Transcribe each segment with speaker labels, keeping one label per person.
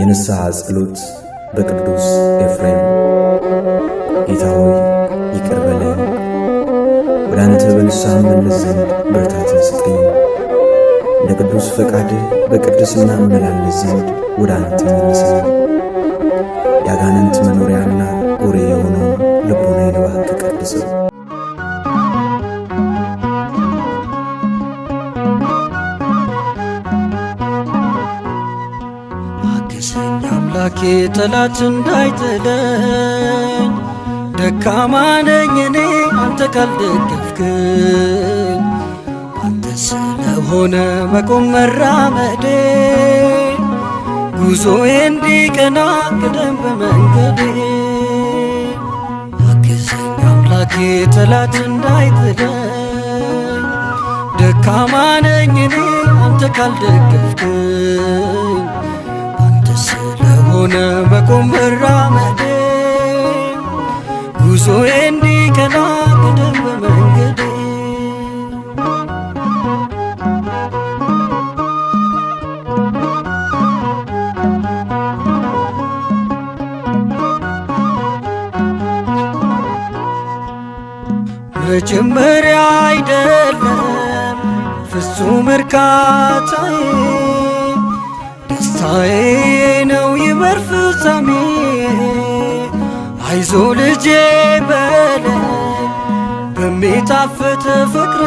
Speaker 1: የንስሐ ጸሎት በቅዱስ ኤፍሬም። ጌታ ሆይ ይቅር በለኝ፣ ወደ አንተ በንስሐ መለስ ዘንድ ብርታትን ስጠኝ፣ እንደ ቅዱስ ፈቃድ በቅድስና መላለስ ዘንድ ወደ አንተ መልሰኝ። የአጋንንት መኖሪያና ጎሬ የሆነው ልቦና እባክህ ቀድሰው
Speaker 2: አምላኬ ጠላት እንዳይጥለኝ ደካማ ነኝ እኔ አንተ ካልደገፍክኝ አንተ ስለሆነ መቆም መራመዴ ጉዞዬ እንዲቀና ቅደም በመንገዴ አግዘኝ አምላኬ ጠላት እንዳይጥለኝ ደካማ ነኝ እኔ አንተ ካልደገፍክኝ ሆነ በቆም መራመድ ጉዞ እንዲቀና በደንብ መንገድ መጀመሪያ አይደለም ፍጹም እርካታዬ ደስታዬ ነው የበር ፍጻሜ አይዞ ልጄ በለ በሚጣፍጥ ፍቅር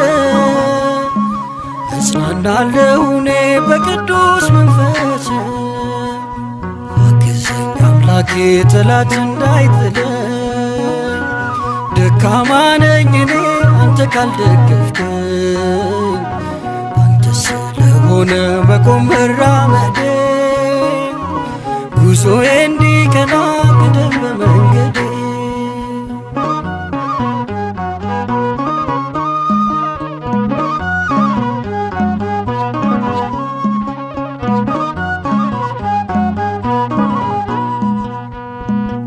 Speaker 2: እጽናናለሁ እኔ በቅዱስ መንፈስ አግዘኝ አምላኬ ጠላት እንዳይጥለኝ ደካማ ነኝ እኔ አንተ ካልደገፍከኝ አንተ ስለሆነ መቆም መራመዴ እርሱዬ እንዲቀና በደንብ መንገዴ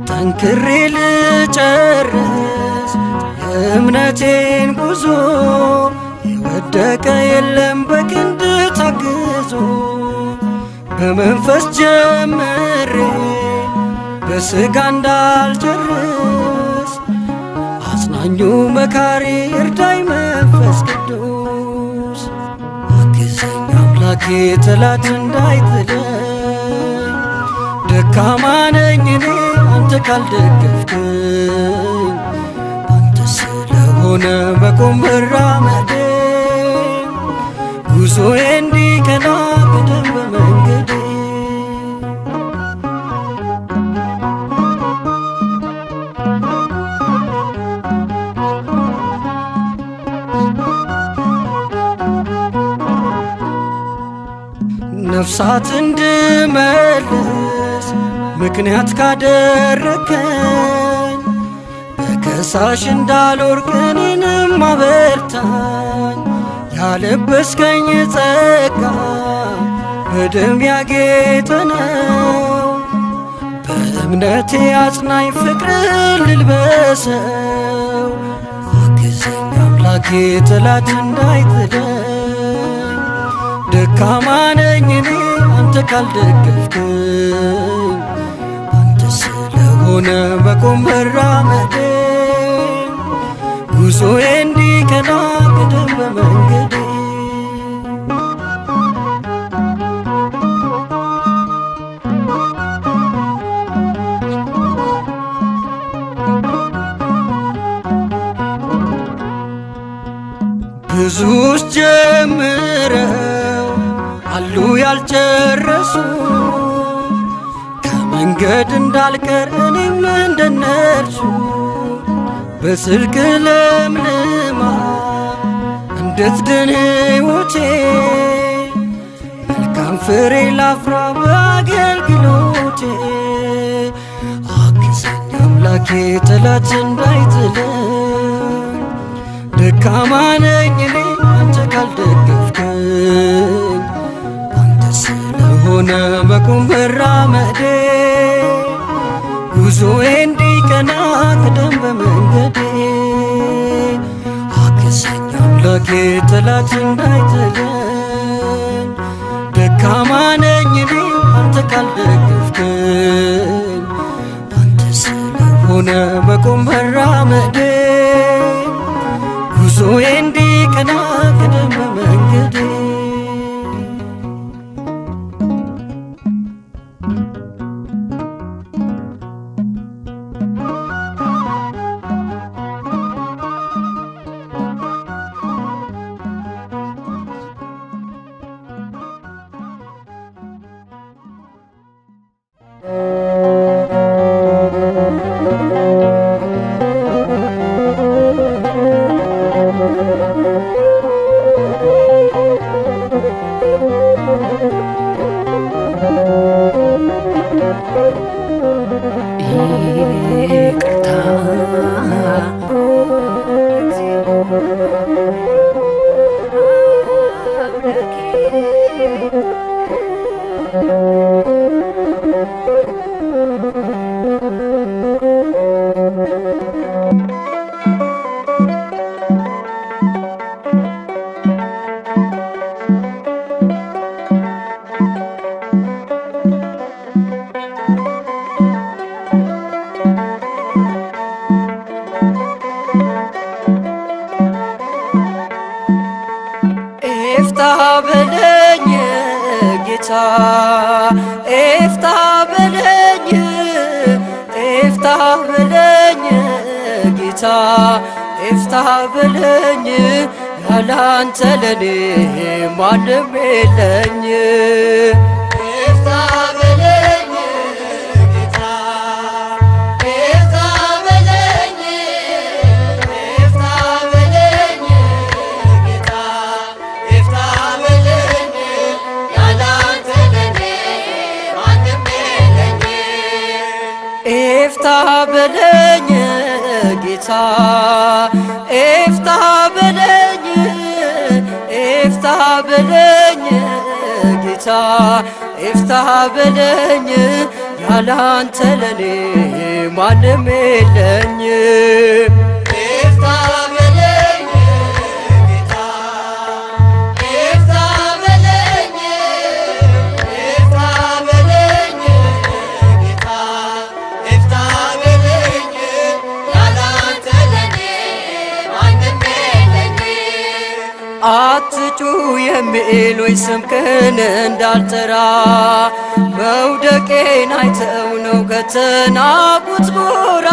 Speaker 2: ጠንክሬ ልጨርስ የእምነቴን ጉዞ የወደቀ የለም በ በመንፈስ ጀምሬ በሥጋ እንዳልጨርስ አጽናኙ መካሪ እርዳይ መንፈስ ቅዱስ አግዘኝ አምላኬ ጠላት እንዳይጥለኝ ደካማ ነኝ እኔ አንተ ካልደገፍከኝ አንተ ስለሆነ መቆም መራመዴ ጉዞዬ ነፍሳት እንድመልስ ምክንያት ካደረከኝ በከሳሽ እንዳልወርቅ እኔንም አበርታኝ ያለበስከኝ ጸጋ በደም ያጌጠ ነው በእምነቴ አጽናኝ ፍቅር ልልበሰው አግዘኝ አምላኬ ጠላት እንዳይጥለ ደካማ ነኝ እኔ አንተ ካልደገፍክ አንተ ስለሆነ መቆም መራመዴ ጉዞዬ ሁሉ ያልጨረሱ ከመንገድ እንዳልቀር እኔም እንደነርሱ በስልክ ለምልማ እንድትድን ሕይወቴ መልካም ፍሬ ላፍራ በአገልግሎቴ አግዘኝ አምላኬ ጠላት እንዳይጥለኝ ደካማ ነኝ እኔ አንተ ካልደገፍከኝ ሆነ በኩምብራ መህዴ ጉዞዬ እንዲቀና ቅደም በመንገዴ አግዘኝ አምላኬ ጠላት እንዳይጥለኝ ደካማ ነኝ እኔ አንተ ካልደገፍከኝ አንተ ስለሆነ በቁምብራ Thank you. ሲነሳ ኤፍታ በለኝ ኤፍታ በለኝ ጌታ ኤፍታ በለኝ ያላንተ ለኔ ማንም የለኝ ኤፍታህ በለኝ ጌታ ኤፍታህ በለኝ ኤፍታህ በለኝ ጌታ ኤፍታህ በለኝ ያለ አንተ ለኔ ማንም የለኝ ሆይ ስምክን እንዳልጠራ መውደቄን አይተው ነው ከተናቁት ጎራ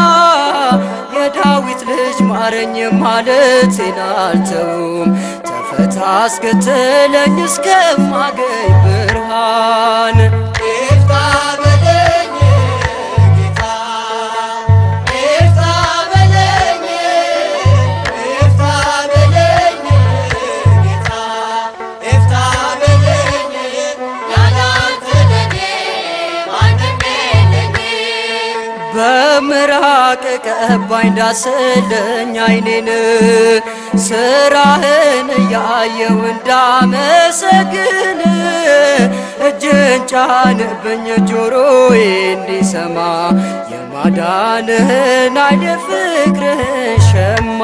Speaker 2: የዳዊት ልጅ ማረኝ ማለቴን አልተውም ተፈታ አስከተለኝ እስከማገኝ ብርሃን ባይን ዳስልኝ አይኔን ስራህን እያየው እንዳመሰግን እጅን ጫንብኝ ጆሮዬ እንዲሰማ የማዳንህን አይነ ፍቅርህን ሸማ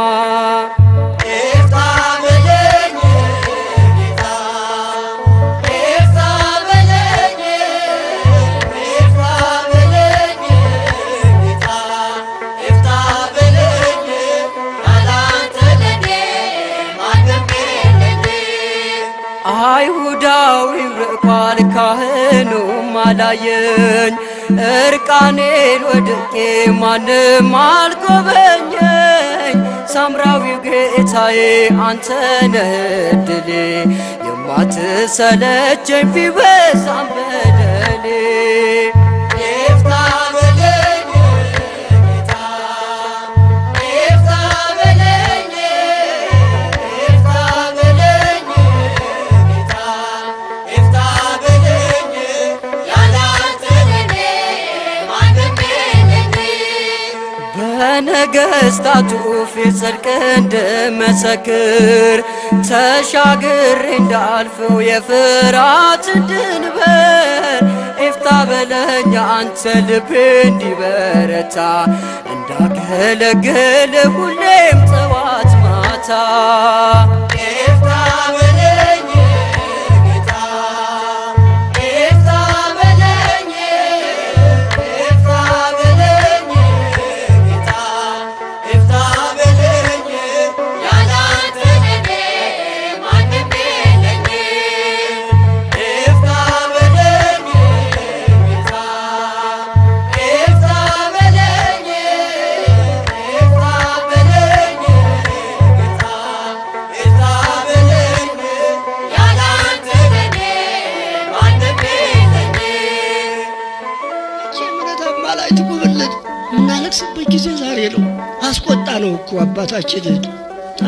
Speaker 2: አላየኝ እርቃኔን ወድቄ ማንም አልጎበኘኝ። ሳምራዊው ጌታዬ አንተ ነህ እድሌ የማትሰለቸኝ ፊበዛም በደሌ በነገሥታቱ ፊት ጽድቅ እንድመሰክር ተሻግሬ እንዳልፈው የፍርሃት ድንበር ኤፍታ በለኛ አንተ ልቤ እንዲበረታ እንዳገለገለ ሁሌም ጠዋት ማታ ትጎበለድ የምናለቅስበት ጊዜ ዛሬ ነው። አስቆጣ ነው እኮ አባታችን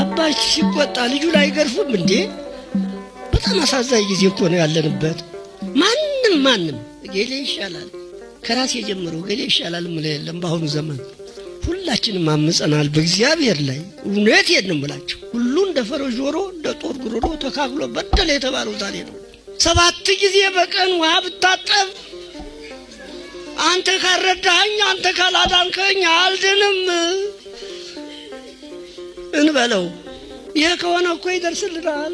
Speaker 2: አባች ሲቆጣ ልጁን አይገርፉም እንዴ? በጣም አሳዛኝ ጊዜ እኮ ነው ያለንበት። ማንም ማንም ገሌ ይሻላል ከራሴ የጀምሮ ገሌ ይሻላል ምለ የለም። በአሁኑ ዘመን ሁላችንም አምፀናል በእግዚአብሔር ላይ እውነት የንም ብላችሁ ሁሉ እንደ ፈረስ ጆሮ እንደ ጦር ጉሮሮ ተካክሎ በደለ የተባለው ዛሬ ነው። ሰባት ጊዜ በቀን ውሃ ብታጠብ አንተ ካልረዳኸኝ፣ አንተ ካላዳንከኝ አልድንም እንበለው። ይህ ከሆነ እኮ ይደርስልናል።